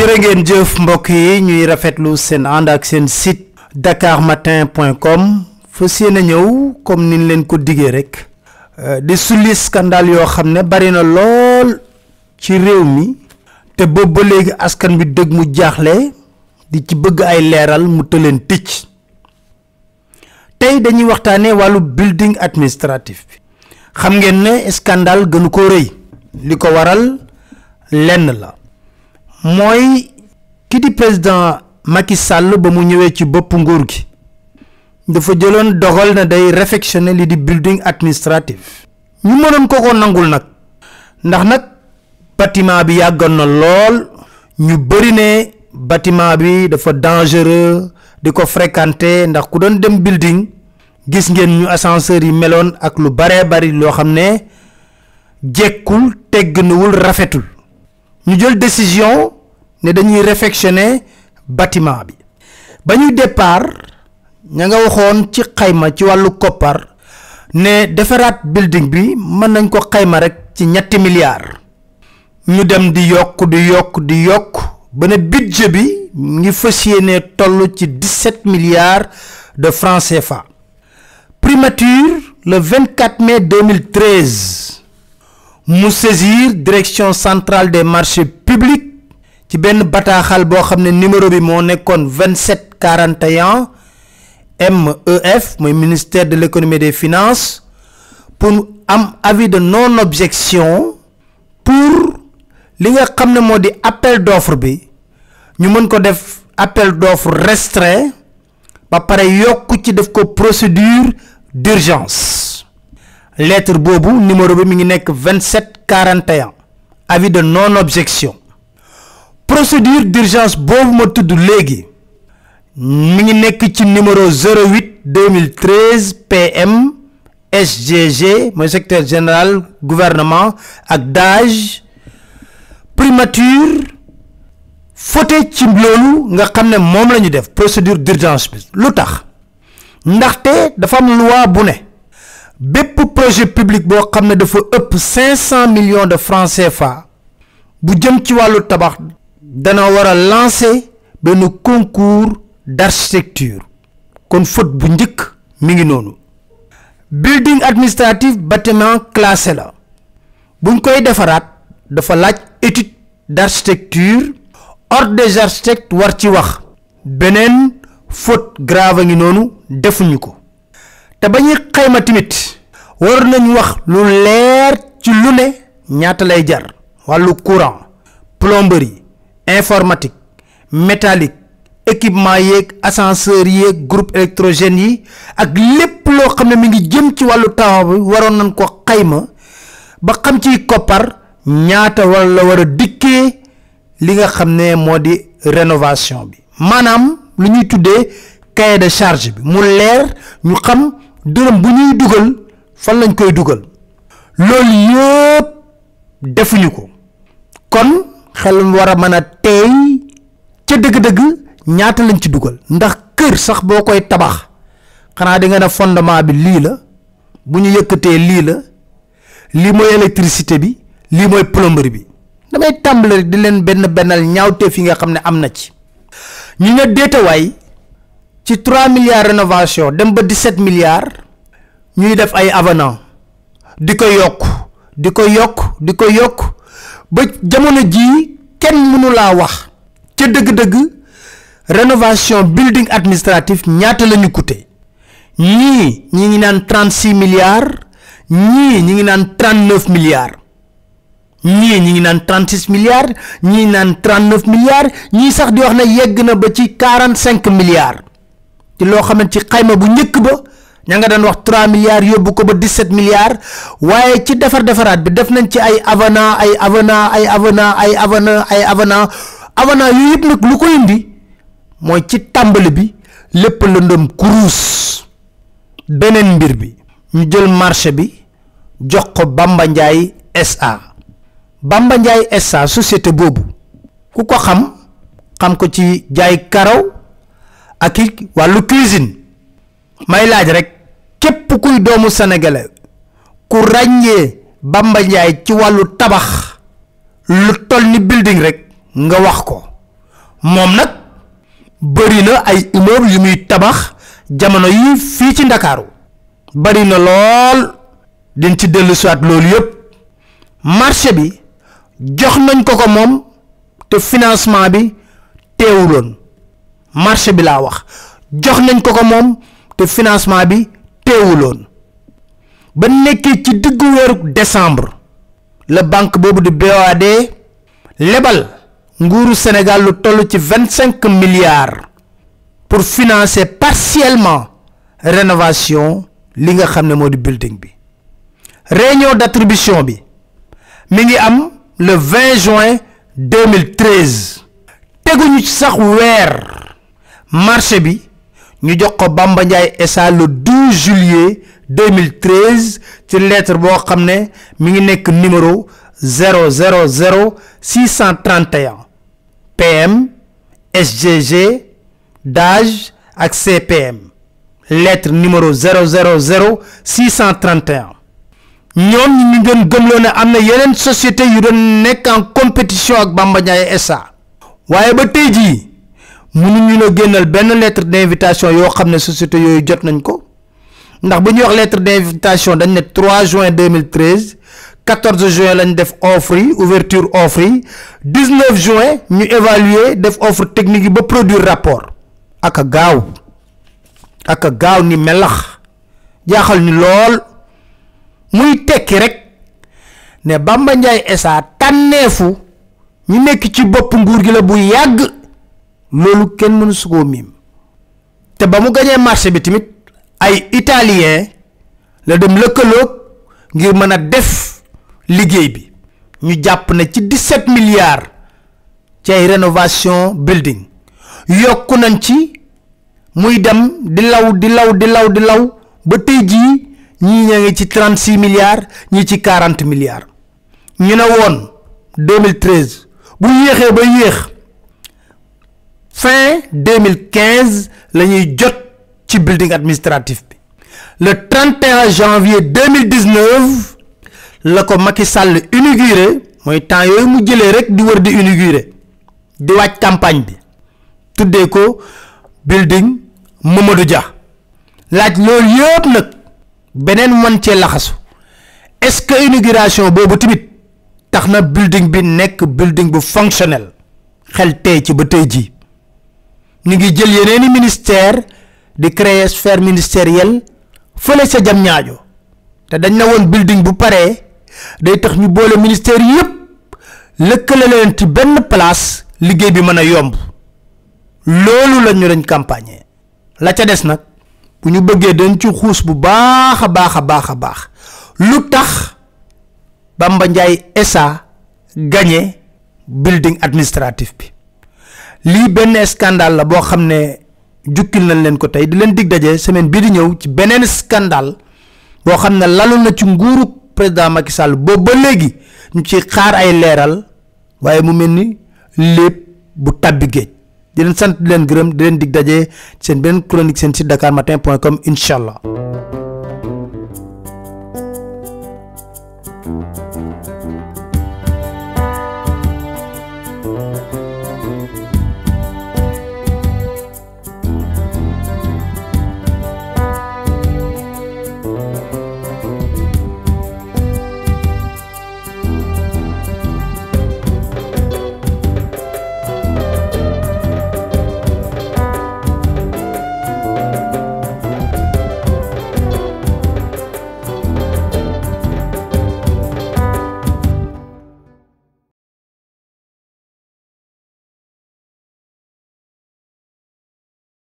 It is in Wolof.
jere ngeen jëf mbokk yi ñuy rafetlu seen ànd ak seen site dakarmatin.com fas yéene ñëw comme niñ leen ko diggee rek euh, di sulli scandale yoo xam ne bari na lool ci réew mi te boobu ba léegi askan bi dëgg mu jaaxle di ci bëgg ay leeral mu tëleen ticc tey dañuy waxtaanee wàllu building administratif bi xam ngeen ne scandale gënu ko rëy li waral lenn la mooy ki di président Macky sàll ba mu ñëwee ci bopp nguur gi dafa jëloon dogal na day réfectionner li di building administratif ñu mënoon ko ko nangul nag ndax nag bâtiment bi yàggoon na lool ñu bëri ne batiment bi dafa dangereux di ko fréquenter ndax ku doon dem building gis ngeen ñu ascenseur yi meloon ak lu baree bari loo xam ne jekkul tegginuwul rafetul ñu jël décision ne dañuy réfectionner bâtiment bi ba départ ña nga waxoon ci xayma ci wàllu koppar ne defaraat building bi mën nañ ko xayma rek ci ñetti milliards ñu dem di yokk di yokk di yokk ba budget bi ngi ci 17 milliards de francs CFA primature le 24 mai 2013 nous saisir direction centrale des marchés publics qui est le numéro bi 2741, MEF ministère de l'économie et des finances pour am avis de non objection pour li nga appels modi appel d'offre bi appel d'offre restreint ba procédure d'urgence lettre Bobu numéro bi 27 41 avis de non objection procédure d'urgence Bobu ma Doulegi léegi numéro 08 2013 PM SGG mon secteur général gouvernement ak d'âge, primature faute ci loolu nga xamné ne procédure d'urgence bi ndakte dafa loi bépp projet public boo xam ne dafa ëpp 500 millions de francs CFA bu jëm ci wàllu tabax dana war a lancer benn concours d'architecture kon faute bu njëkk mi ngi noonu building administratif bâtiment classé la buñ koy defaraat dafa laaj étude d'architecture ordre des architectes war ci wax beneen faute grave ngi noonu defuñu ko te ba ñuy xayma tamit war nañ wax lu leer ci lu ne ñaata lay jar wàllu courant plomberie informatique métallique équipement yeeg ascenseur yeeg group électrogène yi ak lépp loo xam ne mi ngi jëm ci wàllu taw bi waroon nañ ko xayma ba xam ci koppar ñaata walla war a dikkee li nga xam ne moo di rénovation bi maanaam lu ñuy tuddee cahier de charge bi mu leer ñu xam dërëm bu ñuy dugal fan lañ koy dugal loolu yëpp defuñu ko kon xelam war a mën a teey ca dëgg-dëgg ñaata lañ ci dugal ndax kër sax boo koy tabax xanaa di nga fondement bi lii la bu ñu yëkkatee lii la lii mooy électricité bi lii mooy plomberie bi damay tàmbali di leen benn bennal ñaawteef yi nga xam ne am na ci ñu ne déetawaay ci 3 milliards rénovation dem ba 17 milliards ñuy def ay avenant di ko yokk di ko yokk di ko yokk ba jamono jii kenn mënu wax ca dëgg-dëgg rénovation building administratif ñaata lañu ñu coûté ñii ñi ngi naan 36 milliards ñii ñi ngi naan 39 milliards ñii ñi ngi naan 36 milliards ñii naan 39 milliards ñii sax di wax na yegg na ba ci 45 milliards ci loo xamante ci xayma bu njëkk ba ñaa nga daan wax 3 milliards yóbbu ko ba 17 milliards waaye ci defar defaraat bi def nañ ci ay avenant ay avenant ay avenant ay avana ay avenant avenant yooyu yëpp nag lu ko indi mooy ci tàmbali bi lépp lëndëm kuruus beneen mbir bi ñu jël marché bi jox ko Bamba Ndiaye SA Bamba SA société boobu ku ko xam xam ko ci jaay karaw ak i wàllu cuisine may laaj rek képp kuy doomu sénégalais ku ràññee Bamba ci wàllu tabax lu toll ni building rek nga wax ko moom nag bëri na ay immeuble yu muy tabax jamono yi fii ci ndakaaru bëri na lool din ci dellu siwaat loolu yëpp marché bi jox nañ ko ko moom te financement bi teewuloon marché bi laa wax jox nañ ko ko mom te financement bi teewuloon ba nekkee ci diggu décembre la banque bobu di BOAD lebal nguuru Sénégal lu tollu ci 25 milliards pour financer partiellement rénovation li nga xamné du building bi réunion d'attribution bi mi am le 20 juin 2013 teguñu ci sax wèr marché bi ñu jox ko Bamba SA le 12 juillet 2013 ci lettre qui est numéro 000 631 PM SGG DAGE ak CPM lettre numéro 000 631 avons ñi ñu doon gëmloo société yu en compétition ak Bamba Ndiaye SA waye ba ñu la gënal benn lettre d'invitation yoo xam ne société yooyu jot nañ ko ndax bu ñu wax lettre d'invitation dañ ne 3 juin 2013 14 juin lañ def offre ouverture offre 19 juin ñu évaluer def offre technique yi ba produire rapport ak a gaaw ak a gaaw ni melax jaaxal ñu lool muy tekki rek ne Bamba Ndiaye SA tànneefu ñu nekk ci bopp nguur gi la bu loolu kenn mënu su miim te ba mu gañee marché bi tamit ay italien la dem lëkkaloog ngir mën a def liggéey bi ñu jàpp ne ci 17 milliards ci ay renovation building yokk nañ ci muy dem di law di law di law di law ba tey jii ñii ña ngi ci 36 milliards ñi ci quarante milliards ñu ne woon 2013 bu yéexee ba wéex fin 2015 lañuy jot ci building administratif bi le 31 janvier 2019 la ko Macky Sall inauguré moy temps yooyu mu jëlee rek di wër di inauguré di waaj campagne bi tuddé ko building Mamadou Dia laaj loolu yépp nak benen man ci laxasu est-ce que inauguration bobu timit taxna building bi nek building bu fonctionnel xel tey ci ba tay ji ñu ngi jël yeneeni ministère di créer sphère ministérielle fële sa jam ñaajo te dañ na woon building bu paree day tax ñu boole ministère yépp lëkkale leen ci benn place liggéey bi mën a yomb loolu la ñu dañ campagne la ca des nag bu ñu bëggee dañ ci xuus bu baax a baax a baax a baax lu tax bamba njaay esa gagné building administratif bi lii benn scandale la boo xam ne jukkil nañ leen ko tey di leen dig daje semaine bii di ñëw ci beneen scandale boo xam ne lalu na ci nguuru président Macky sàll boobu ba léegi ñu ci xaar ay leeral waaye mu mel ni lépp bu tabbi géej di leen sant leen gërëm di leen dig daje seen beneen chronique seen site dakarmatin.com incha allah.